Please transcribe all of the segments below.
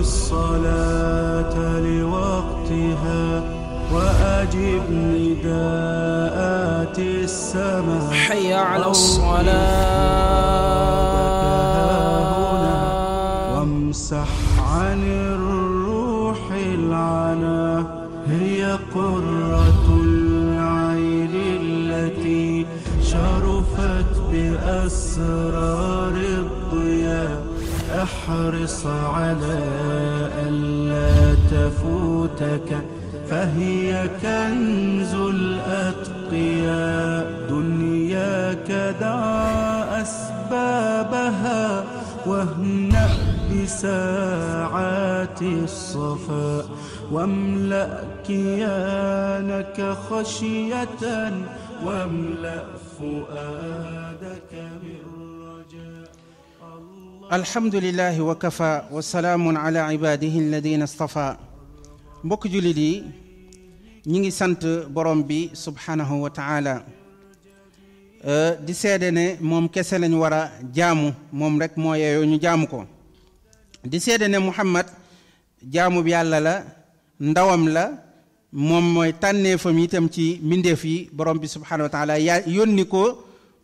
الصلاة لوقتها وأجب نداءات السماء حي على الصلاة وامسح عن الروح العنا هي قرة العين التي شرفت بأسرار واحرص على ألا تفوتك فهي كنز الأتقياء دنياك دع أسبابها واهنأ بساعات الصفاء واملأ كيانك خشية واملأ فؤادك بالرحمة alhamdulilahi wa kafa wa salaamun ala ibadihi alladina istafa mbokk jullit yi ñi ngi sant borom bi subhanahu wa euh, di seede ne moom kese lañ war a jaamu moom rek moo yeeyoo ñu jaamu ko di seede ne muhammad jaamu bi yàlla la ndawam la moom mooy tànneefam itam ci mbindeef yi borom bi subhanahu wa taala yaa ko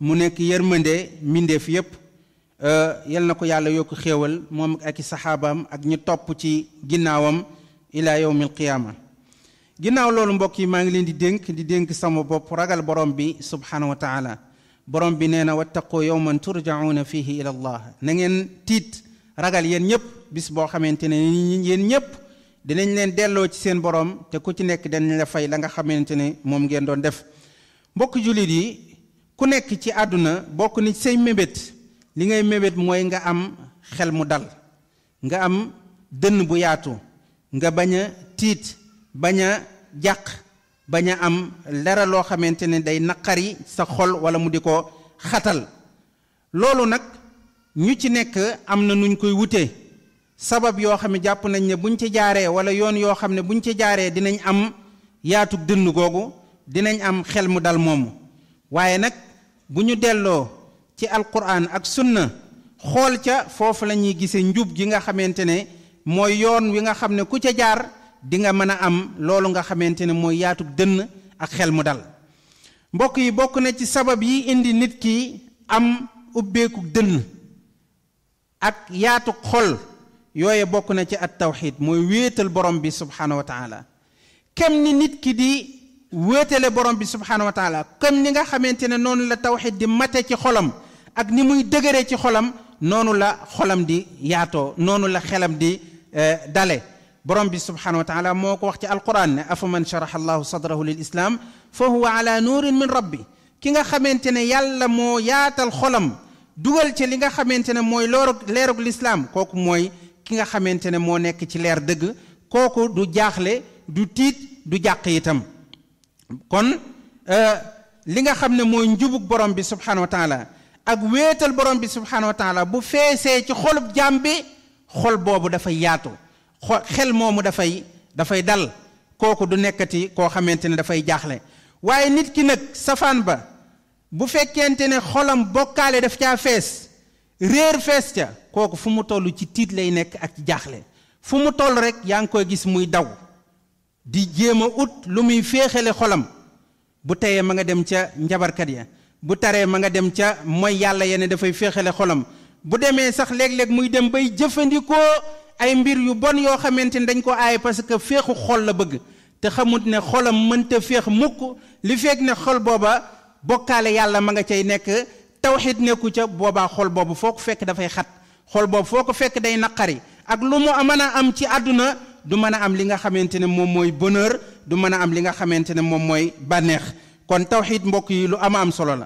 mu nekk yërmande mbindeef yépp Euh, yal na ko yàlla yokk xéewal moom ak i saxaabaam ak ñu topp ci ginnaawam ila yawmil qiyaama ginnaaw loolu mbokk yi maa ngi leen di dénk di dénk sama bopp ragal boroom bi subhaanahu wa taala borom bi nee na wattaqoo yawman turjauna fihi ila allah na ngeen tiit ragal yéen ñëpp bis boo xamante ne yéen ñëpp dinañ leen delloo ci seen borom te ku ci nekk danañ la fay la nga xamante ne moom ngeen doon def mbokk jullit yi ku nekk ci àdduna bokk ni say mébét li ngay mébét mooy nga am xel mu dal nga am dënn bu yaatu nga bañ a tiit bañ a jàq bañ a am dara loo xamante ne day naqari sa xol wala mu di ko xatal loolu nag ñu ci nekk am na nuñ koy wutee sabab yoo xam ne jàpp nañ ne buñ ci jaaree wala yoon yoo xam ne buñ ci jaaree dinañ am yaatug dënn googu dinañ am xel mu dal moomu waaye nag bu ñu delloo ci alquran ak sunna xool ca foofu la ñuy gisee njub gi nga xamante ne mooy yoon wi nga xam ne ku ca jaar dinga mën a am loolu nga xamante ne mooy yaatug dënn ak xel mu dal mbokk yi bokk na ci sabab yi indi nit ki am ubbeeku dënn ak yaatu xol yooye bokk na ci at tawxiit mooy wéetal borom bi subhaanahu wa taala kem ni nit ki di wéetale borom bi subhaanahu wa taala kem ni nga xamante ne noonu la tawxid di mate ci xolam ak ni muy dëgëree ci xolam noonu la xolam di yaatoo noonu la xelam di eh, dale borom bi subhanahu wa taala moo ko wax ci alquran ne afa man sharaha allahu sadrahu lil islam fa huwa ala nuurin min rabbi ki nga xamante ne yàlla moo yaatal xolam dugal ci li nga xamante ne mooy loorug leerug lislaam kooku mooy ki nga xamante ne moo nekk ci leer dëgg kooku du jaaxle du tiit du jàq itam kon eh, li nga xam ne mooy njubug borom bi subhanahu wa ak wéetal borom bi subhanahu wa taala bu feesee ci xolub jaam bi xol boobu dafa yaatu xel moomu dafay dafay dal kooku du nekkati koo xamante ne dafay jaaxle waaye nit ki nag safaan ba bu fekkente ne xolam bokkaale daf caa fees réer fees ca kooku fu mu toll ci tiit lay nekk ak jaaxle fu mu toll rek yaa ngi koy gis muy daw di jéem a ut lu muy féexale xolam bu teyee ma nga dem ca njabarkat ya bu taree ma nga dem ca mooy yàlla yene dafay féexale xolam bu demee sax léeg-léeg muy dem bay jëfandikoo ay mbir yu bon yoo xamante ni dañ ko aaye parce que féexu xol la bëgg te xamut ne xolam mënta féex mukk li feeg ne xol booba bokkaale yàlla ma nga cay nekk tawxid nekku ca boobaa xol boobu foo ko fekk dafay xat xol boobu foo ko fekk day naqari ak lu mu mën a am ci àdduna du mën a am li nga xamante ne moom mooy bonheur du mën a am li nga xamante ne moom mooy bànneex kon tawxiid mbokk yi lu am am solo la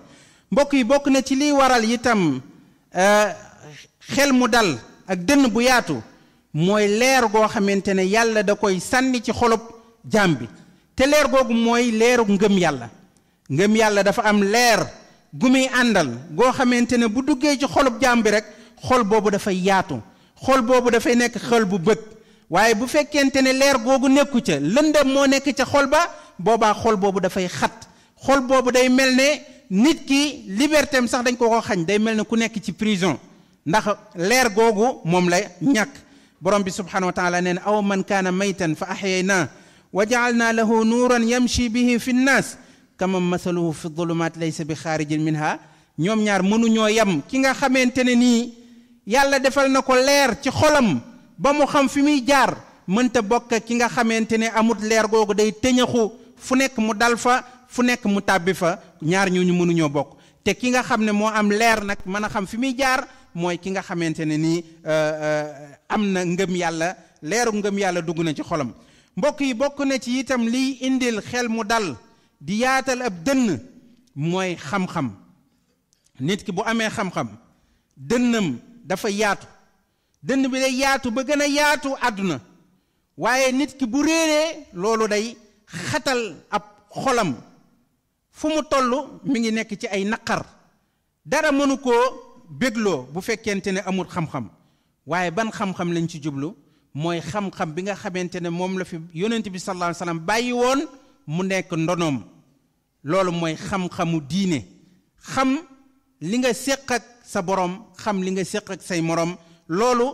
mbokk yi bokk na ci liy waral itam eh, xel mu dal ak dënn bu yaatu mooy leer goo xamante ne yàlla da koy sànni ci xolob jaam te leer googu mooy leeru ngëm yàlla ngëm yàlla dafa am leer gu muy àndal goo xamante ne bu duggee ci xolub jaam bi rek xol boobu dafay yaatu xol boobu dafay nekk xol bu bëgg waaye bu fekkente ne leer googu nekku ca lëndëm moo nekk ca xol ba boobaa xol boobu dafay xat xol boobu day mel ne nit ki liberté sax dañ ko ko xañ day mel ne ku nekk ci prison ndax leer googu moom la ñàkk borom bi subhanahu wa taala nee na aw man kaana maytan fa naa wa naa jaalnaa lahu nuuran yamshi bihi fi nnaas kama masaluhu fi dhulumaat laysa bi xaarijin minha ñoom ñaar mënuñoo yem ki nga xamante ne nii yàlla defal na ko leer ci xolam ba mu xam fi muy jaar mënta bokk ki nga xamante ne amut leer googu day tëñaxu fu nekk fu nekk mu tàbbi fa ñaar ñooñu mënuñoo bokk te ki nga xam ne moo am leer nag mën a xam fi muy jaar mooy ki nga xamante ne nii euh, euh, am na ngëm yàlla leeru ngëm yàlla dugg na ci xolam mbokk yi bokk na ci itam liy indil xel mu dal di yaatal ab dënn mooy xam-xam nit ki bu amee xam-xam dënnam dafa yaatu dënn bi day yaatu ba gën a yaatu àdduna waaye nit ki bu réeree loolu day xatal ab xolam fu mu toll mi ngi nekk ci ay naqar dara mënu koo bégloo bu fekkente ni amul xam-xam waaye ban xam-xam lañ ci jublu mooy xam-xam bi nga xamante ne moom la fi yonent bi sallallahu alayhi bàyyi woon mu nekk ndonoom loolu mooy xam diine xam li nga séq sa borom xam li nga séq ak say morom loolu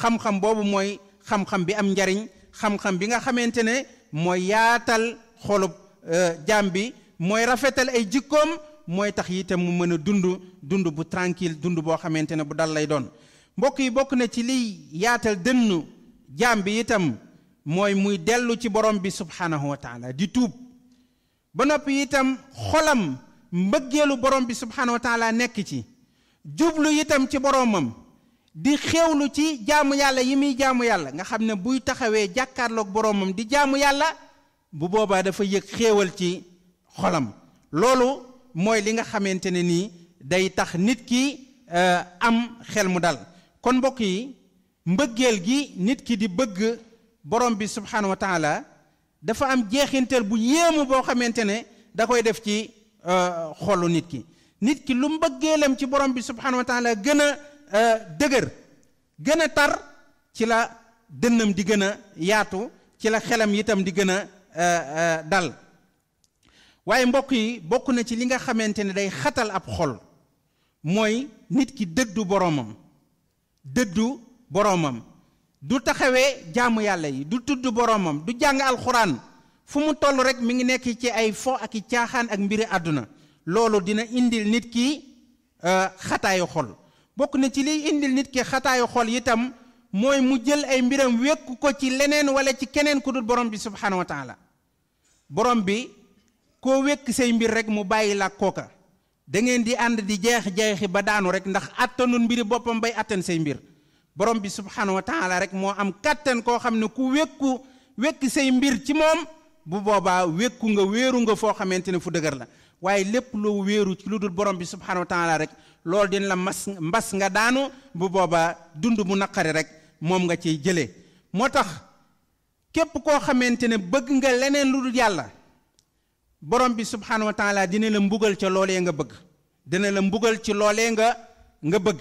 xam-xam boobu mooy xam-xam bi am njariñ xam-xam bi nga xamante ne mooy yaatal xolub euh, jaam bi mooy rafetal ay jikkoom mooy tax itam mu mën a dund dund bu tranquille dund boo xamante ne bu dal lay doon mbokk yi bokk na ci liy yaatal dënnu jaam bi itam mooy muy dellu ci borom bi subhaanahu wa taala di tuub ba noppi itam xolam mbëggeelu borom bi subhaanahu wa taala nekk ci jublu itam ci boromam di xewlu ci jaamu yàlla yi muy jaamu yàlla nga xam ne buy taxawee jàkkaarloog boromam di jaamu yàlla bu boobaa dafa yëg xéewal ci xolam loolu mooy li nga xamante ne nii day tax nit ki euh, am xel mu dal kon mbokk yi mbëggeel gi nit ki di bëgg borom bi subhanahu wa taala dafa am jeexinteel bu yéemu boo xamante ne da koy def ci euh, xolu nit ki nit ki lu mbëggeelam ci borom bi subhanahu wa taala gën a euh, dëgër gën a tar ci la dënnam di gën a yaatu ci la xelam itam di gën a dal waaye mbokk yi bokk na ci li nga xamante ne day xatal ab xol mooy nit ki dëddu boromam dëddu boromam du taxawee jàmm yàlla yi du tudd boroomam du jàng alxuraan fu mu toll rek mu ngi nekk ci ay fo ak i caaxaan ak mbiri àdduna loolu dina indil nit ki euh, xataayu xol bokk na ci liy indil nit ki xataayu xol itam mooy mu jël ay mbiram wékk ko ci leneen wala ci keneen ku dul borom bi subxanahu wa taala borom bi. koo wékk say mbir rek mu bàyyi la kooka da ngeen di ànd di jeex-jeexi ba daanu rek ndax attanul mbiri boppam bay attan say mbir borom bi subhanahu wa taala rek moo am kàttan koo xam ne ku wekku wekk say mbir ci moom bu boobaa wekku nga wéeru nga foo xamante ne fu dëgër la waaye lépp loo wéeru ci lu dul borom bi subhanahu wa taala rek loolu dina la mas mbas nga daanu bu boobaa dund mu naqari rek moom nga ciy jëlee moo tax képp koo xamante ne bëgg nga leneen lu dul yàlla borom bi subxanahu wa taala dina la mbugal ca loolee nga bëgg dina la mbugal ci loolee nga nga bëgg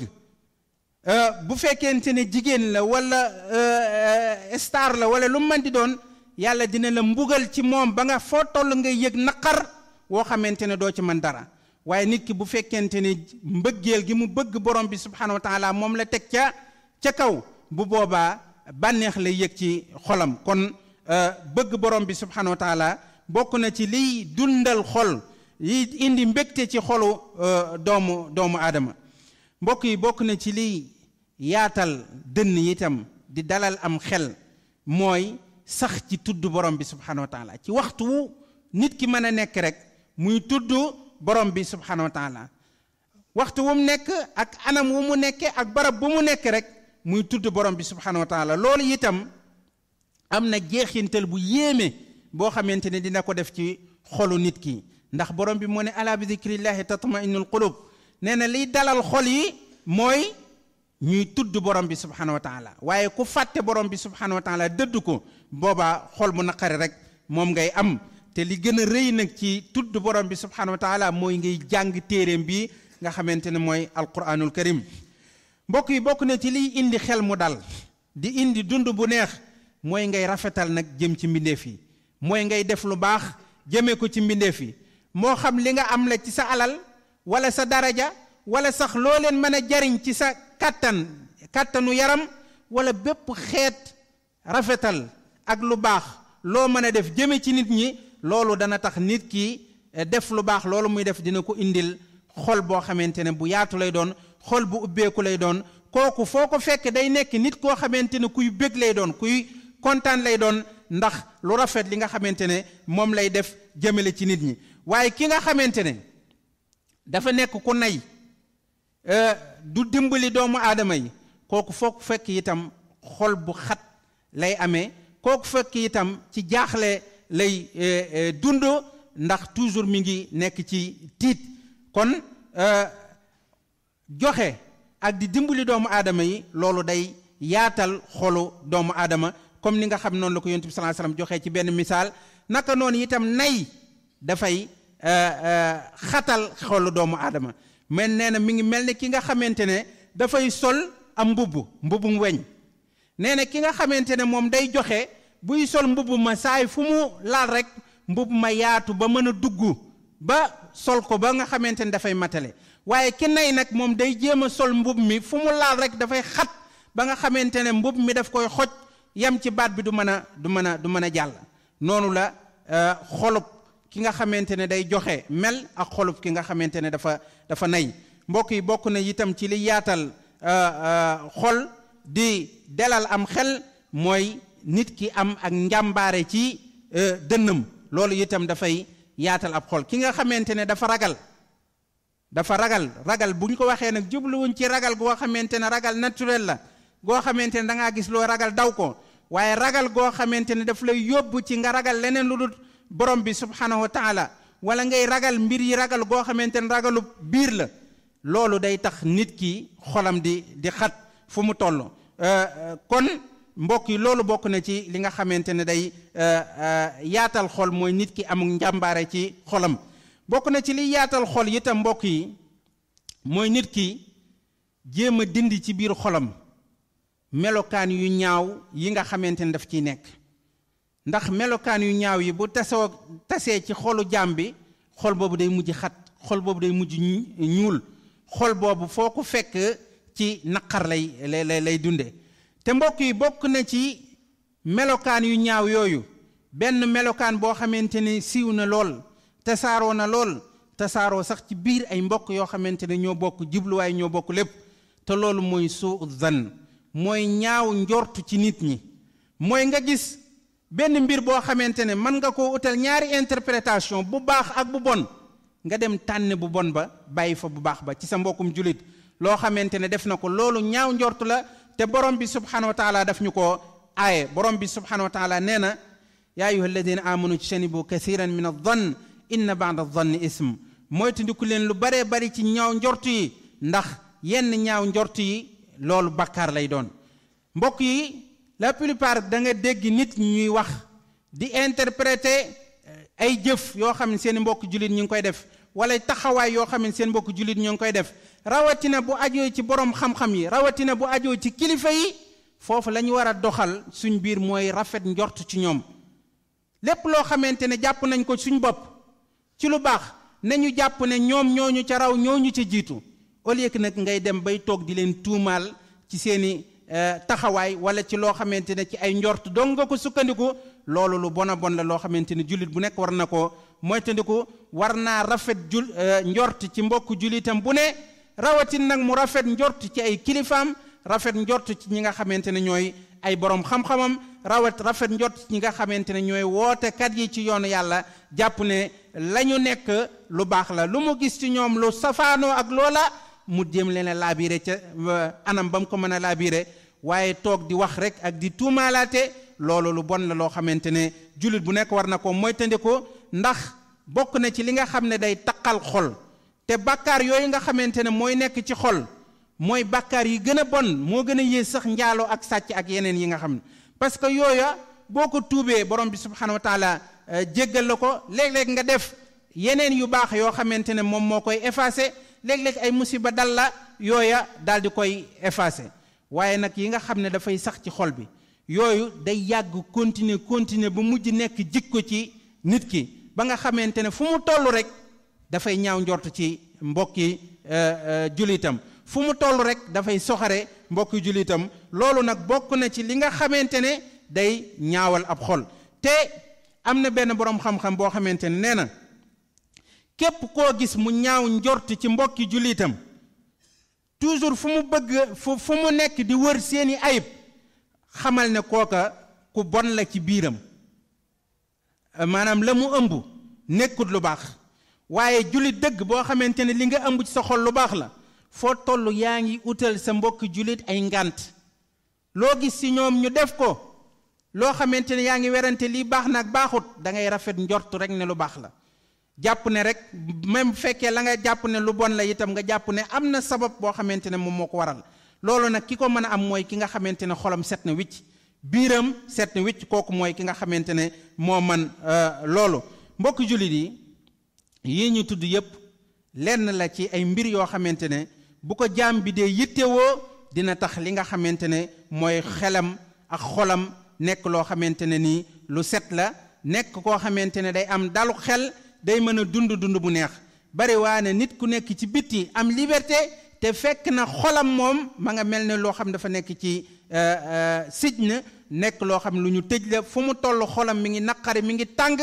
euh, bu fekkente ne jigéen la wala euh, star la wala lu mën di doon yàlla dina la mbugal ci moom ba nga foo toll ngay yëg naqar woo xamante ne doo ci mën dara waaye nit ki bu fekkente ne mbëggeel gi mu bëgg borom bi subxanahu wa taala moom la teg ca ca kaw bu boobaa bànneex la yëg ci xolam kon euh, bëgg borom bi subxanahu wa taala. bokk na ci liy dundal xol liy indi mbégte ci xolu euh, doomu doomu aadama mbokk yi bokk na ci liy yaatal dënn yi itam di dalal am xel mooy sax ci tudd borom bi subxanahu wa ci waxtu wu nit ki mën a nekk rek muy tudd borom bi subxanahu wa taala waxtu wu mu nekk ak anam mu nekkee ak barab bu mu nekk rek muy tudd borom bi subxanahu wa taala loolu itam am na jeexintal bu yéeme. boo xamante ne dina ko def ci xolu nit ki ndax borom bi moo ne ala bi zikrillahi tatma'innul qulub nee na liy dalal xol yi mooy ñuy tudd borom bi subhanahu wa taala waaye ku fàtte borom bi subhanahu wa taala dëdd ko boobaa xol bu naqari rek moom ngay am te li gën a rëy nag ci tudd borom bi subhanahu wa taala mooy ngay jàng téeréem bi nga xamante ne mooy alquranul karim mbokk yi bokk na ci liy indi xel mu dal di indi dund bu neex mooy ngay rafetal nag jëm ci mbindeef yi mooy ngay def lu baax jëmee ko ci mbindeef yi moo xam li nga am la ci sa alal wala sa daraja wala sax loo leen mën a jariñ ci sa kàttan kàttanu yaram wala bépp xeet rafetal ak lu baax loo mën a def jëme ci nit ñi loolu dana tax nit ki eh, def lu baax loolu muy def dina ko indil xol boo xamante ne bu yaatu lay doon xol bu ubbeeku lay doon kooku foo ko fekk day nekk nit koo xamante ne kuy bëgg lay doon kuy kontaan lay doon ndax lu rafet li nga xamante ne moom lay def jëmale ci nit ñi waaye ki nga xamante ne dafa nekk ku nay euh, du dimbali doomu aadama yi kooku foog fekk itam xol bu xat lay amee kooku fekk itam ci jaaxle lay euh, euh, dund ndax toujours mi ngi nekk ci tiit kon joxe ak di dimbali doomu aadama yi loolu day yaatal xolu doomu aadama comme ni nga xam noonu la ko yonent bi sallallahu alayhi wasallam joxee ci benn misaal naka noonu itam nay dafay euh, euh, xatal xolu doomu aadama mais nee na mi ngi mel ne ki nga xamante ne dafay sol am mbubb mbubbum weñ nee na ki nga xamante ne moom day joxe buy sol mbubb ma saay fu mu laal rek mbubb ma yaatu ba mën a dugg ba sol ko ba nga xamante ne dafay matale waaye ki nay nag moom day jéem a sol mbubb mi fu mu laal rek dafay xat ba nga xamante ne mbubb mi daf koy xoj yam ci baat bi du mën a du mën a du mën a jàll noonu la euh, xolub ki nga xamante ne day joxe mel ak xolub ki nga xamante ne dafa dafa nay mbokk yi bokk na itam ci li yaatal euh, euh, xol di delal am xel mooy nit ki am ak njàmbaare ci dënnam loolu itam dafay yaatal ab xol ki nga xamante ne dafa ragal dafa ragal ragal bu ñu ko waxee nag jubluwuñ ci ragal goo xamante ne ragal naturel la goo xamante ne da ngaa gis loo ragal daw ko waaye ragal goo xamante ne daf lay yóbbu ci nga ragal leneen lu dul borom bi subhanahu wa taala wala ngay ragal mbir yi ragal goo xamante ne ragalu biir la loolu day tax nit ki xolam di di xat fu mu toll euh, euh, kon mbokk yi loolu bokk na ci li nga xamante ne day euh, yaatal xol mooy nit ki amul njàmbaare ci xolam bokk na ci li yaatal xol itam mbokk yi mooy nit ki jéem a dindi ci biir xolam melokaan yu ñaaw yi nga xamante ne daf ciy nekk ndax melokaan yu ñaaw yi bu tasoo tasee ci xolu jaam bi xol boobu day mujj xat xol boobu day mujj ñuul xol boobu foo ko fekk ci naqar lay lay lay dunde te mbokk yi bokk na ci melokaan yu ñaaw yooyu benn melokaan boo xamante ni siiw na lool tasaaroo na lool tasaaroo sax ci biir ay mbokk yoo xamante ne ñoo bokk jubluwaay ñoo bokk lépp te loolu mooy suu zan mooy ñaaw njortu ci nit ñi mooy nga gis benn mbir boo xamante ne mën nga koo utal ñaari interprétation bu baax ak bu bon nga dem tànn bu bon ba bàyyi fa bu baax ba ci sa mbokkum julit loo xamante ne def na ko loolu ñaaw njortu la te borom bi subhanahu wa taala daf ñu ko aaye borom bi subhanahu wa taala nee na yaa ayuha ci amanu ijtanibu kathiran min adh-dhann inna ba'da adh-dhanni ism mooy tundiku leen lu baree bari ci ñaaw njortu yi ndax yenn ñaaw yi loolu bakkaar lay doon mbokk yi la plupart da nga dégg nit ñuy wax di interpréter eh, ay jëf yoo xam ne seen mbokk jullit ñu ngi koy def wala taxawaay yoo xam ne seen mbokk jullit ñu ngi koy def rawatina bu ajoo ci borom xam-xam yi rawatina bu ajoo ci kilifa yi foofu la ñu war a doxal suñ biir mooy rafet njort ci ñoom lépp loo xamante ne jàpp nañ ko suñ bopp ci lu baax nañu jàpp ne ñoom ñooñu ca raw ñu ca jiitu au que nag ngay dem bay toog di leen tuumaal ci seeni eh, taxawaay wala ci loo xamante ne ci ay njort dong nga ko sukkandiku loolu lu bon a bon la loo xamante ne jullit bu nekk war na ko moytandiku war naa rafet jul eh, njort ci mbokk jullitam bu ne rawatin nag mu rafet njort ci ay kilifaam rafet njort ci ñi nga xamante ne ñooy ay borom xam-xamam rafet njort ci ñi nga xamante ne ñooy wootekat yi ci yoon yàlla jàpp ne la ñu nekk lu baax la lu mu gis ci ñoom lu safaanoo mu jéem leen a laabiré ca anam ba mu ko mën a laabiré waaye toog di wax rek ak di tuumaalaate loolu lu bon la loo xamante ne jullit bu nekk war na koo ko ndax bokk na ci li nga xam ne day taqal xol te bàkkaar yooyu nga xamante ne mooy nekk ci xol mooy bàkkaar yi gën a bon moo gën a yées sax njaaloo ak sàcc ak yeneen yi nga xam ne parce que yooya boo ko tuubee borom bi subxanahu wa taala euh, jéggal la ko léeg-léeg nga def yeneen yu baax yoo xamante ne moom moo koy effacé. léeg-léeg ay musiba dal la yooya daal di koy effacer waaye nag yi nga xam ne dafay sax ci xol bi yooyu day yàgg continuer continuer ba mujj nekk jig ko ci nit ki ba nga xamante ne fu mu toll rek dafay ñaaw njort ci mbokki euh, euh, jullitam fu mu toll rek dafay soxare mbokki jullitam loolu nag bokk na ci li nga xamante ne day ñaawal ab xol te am na benn borom xam-xam boo xamante ne nee na képp koo gis mu ñaaw njort ci mbokki jullitam toujours fu mu bëgg fu fu mu nekk di wër seeni ayib xamal ne kooka ku bon la ci biiram euh, maanaam la mu ëmb nekkut lu baax waaye jullit dëgg boo xamante ne li nga ëmb ci sa xol lu baax la foo toll yaa ngi utal sa mbokki jullit ay ngànt loo gis ci ñoom ñu def ko loo xamante ne yaa ngi werante lii baax na ak baaxut da ngay rafet njort rekk ne lu baax la jàpp ne rek même bu fekkee la nga jàpp ne lu bon la itam nga jàpp ne am na sabab boo xamante ne moom moo ko waral loolu nag ki ko mën a am mooy ki nga xamante ne xolam set na wicc biiram set na wicc kooku mooy ki nga xamante ne moo man euh, loolu mbokk jullit yi yii ñu tudd yépp lenn la ci ay mbir yoo xamante ne bu ko jaam bi dee yittewoo dina tax li nga xamante ne mooy xelam ak xolam nekk loo xamante ne nii lu set la nekk koo xamante ne day am dalu xel day mën a dund dund bu neex bariwaane nit ku nekk ci bitti am liberté te fekk na xolam moom ma nga mel ne loo xam dafa nekk ci euh, euh, sij na nekk loo xam lu ñu tëj la fu mu toll xolam mi ngi naqari mi ngi tàng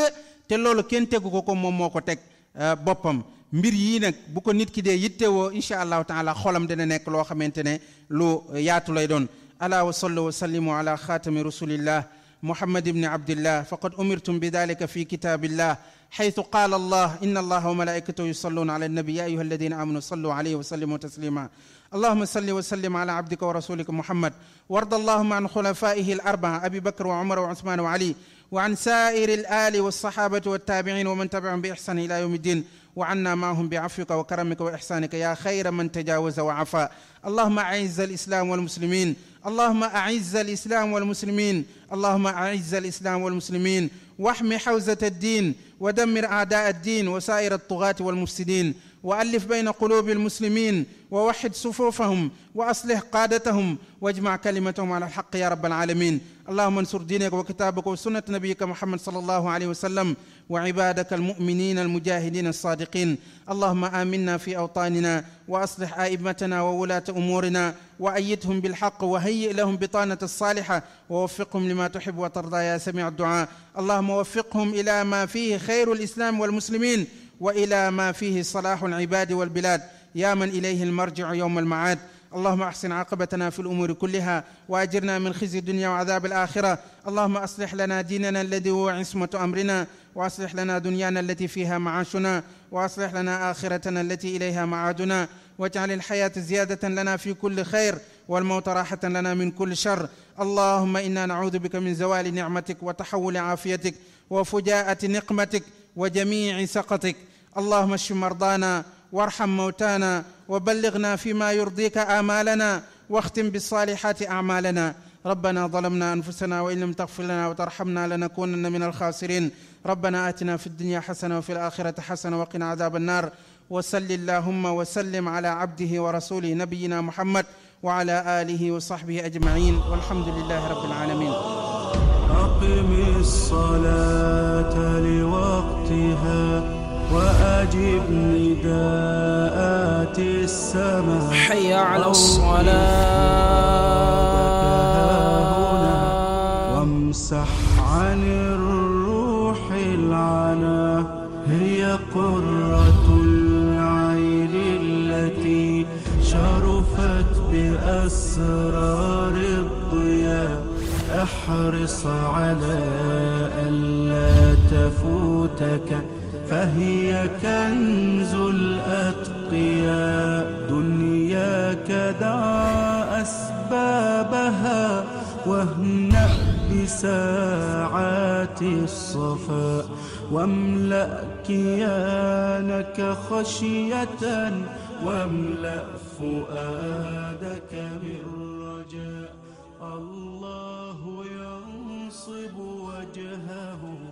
te loolu kenn tegu ko ko moom moo ko teg euh, boppam mbir yii nag bu ko nit ki dee yittewoo incha allahu taala xolam dana nekk loo xamante ne lu yaatu lay doon ala wa sallu wa sallimu ala xaatami rasulillah محمد بن عبد الله فقد أمرتم بذلك في كتاب الله حيث قال الله إن الله وملائكته يصلون على النبي يا أيها الذين آمنوا صلوا عليه وسلموا تسليما اللهم صل وسلم على عبدك ورسولك محمد وارض اللهم عن خلفائه الأربعة أبي بكر وعمر وعثمان وعلي وعن سائر الآل والصحابة والتابعين ومن تبعهم بإحسان إلى يوم الدين wa anna maahum bi afwika wa karamika wa ihsanika ya xayra man tajawaza wa afa allahuma aiz alislam walmuslimin allahuma aiz alislam walmuslimin allahuma aiz alislam walmuslimin واحمي حوزة الدين ودمر أعداء الدين وسائر الطغاة والمفسدين وألف بين قلوب المسلمين ووحد صفوفهم وأصلح قادتهم واجمع كلمتهم على الحق يا رب العالمين اللهم انصر دينك وكتابك وسنة نبيك محمد صلى الله عليه وسلم وعبادك المؤمنين المجاهدين الصادقين اللهم آمنا في أوطاننا وأصلح أئمتنا وولاة أمورنا وأيدهم بالحق وهيئ لهم بطانة الصالحة ووفقهم لما تحب وترضى يا سميع الدعاء اللهم وفقهم إلى ما فيه خير الإسلام والمسلمين وإلى ما فيه صلاح العباد والبلاد يا من إليه المرجع يوم المعاد اللهم احسن عاقبتنا في الامور كلها واجرنا من خزي الدنيا وعذاب الاخره اللهم اصلح لنا ديننا الذي هو عصمه امرنا واصلح لنا دنيانا التي فيها معاشنا واصلح لنا اخرتنا التي اليها معادنا واجعل الحياة زيادة لنا في كل خير والموت راحة لنا من كل شر اللهم إنا نعوذ بك من زوال نعمتك وتحول عافيتك وفجاءة نقمتك وجميع سقطك اللهم اشف مرضانا وارحم موتانا وبلغنا فيما يرضيك آمالنا واختم بالصالحات أعمالنا ربنا ظلمنا أنفسنا وإن لم تغفر لنا وترحمنا لنكونن من الخاسرين ربنا آتنا في الدنيا حسنة وفي الآخرة حسنة وقنا عذاب النار وصل اللهم وسلم على عبده ورسوله نبينا محمد وعلى آله وصحبه أجمعين والحمد لله رب العالمين أقم الصلاة لوقتها وأجب نداءات السماء حي على الصلاة أسرار الضياء احرص على ألا تفوتك فهي كنز الأتقياء دنياك دع أسبابها واهنأ بساعات الصفاء واملأ كيانك خشية واملأ فؤادك بالرجاء الله ينصب وجهه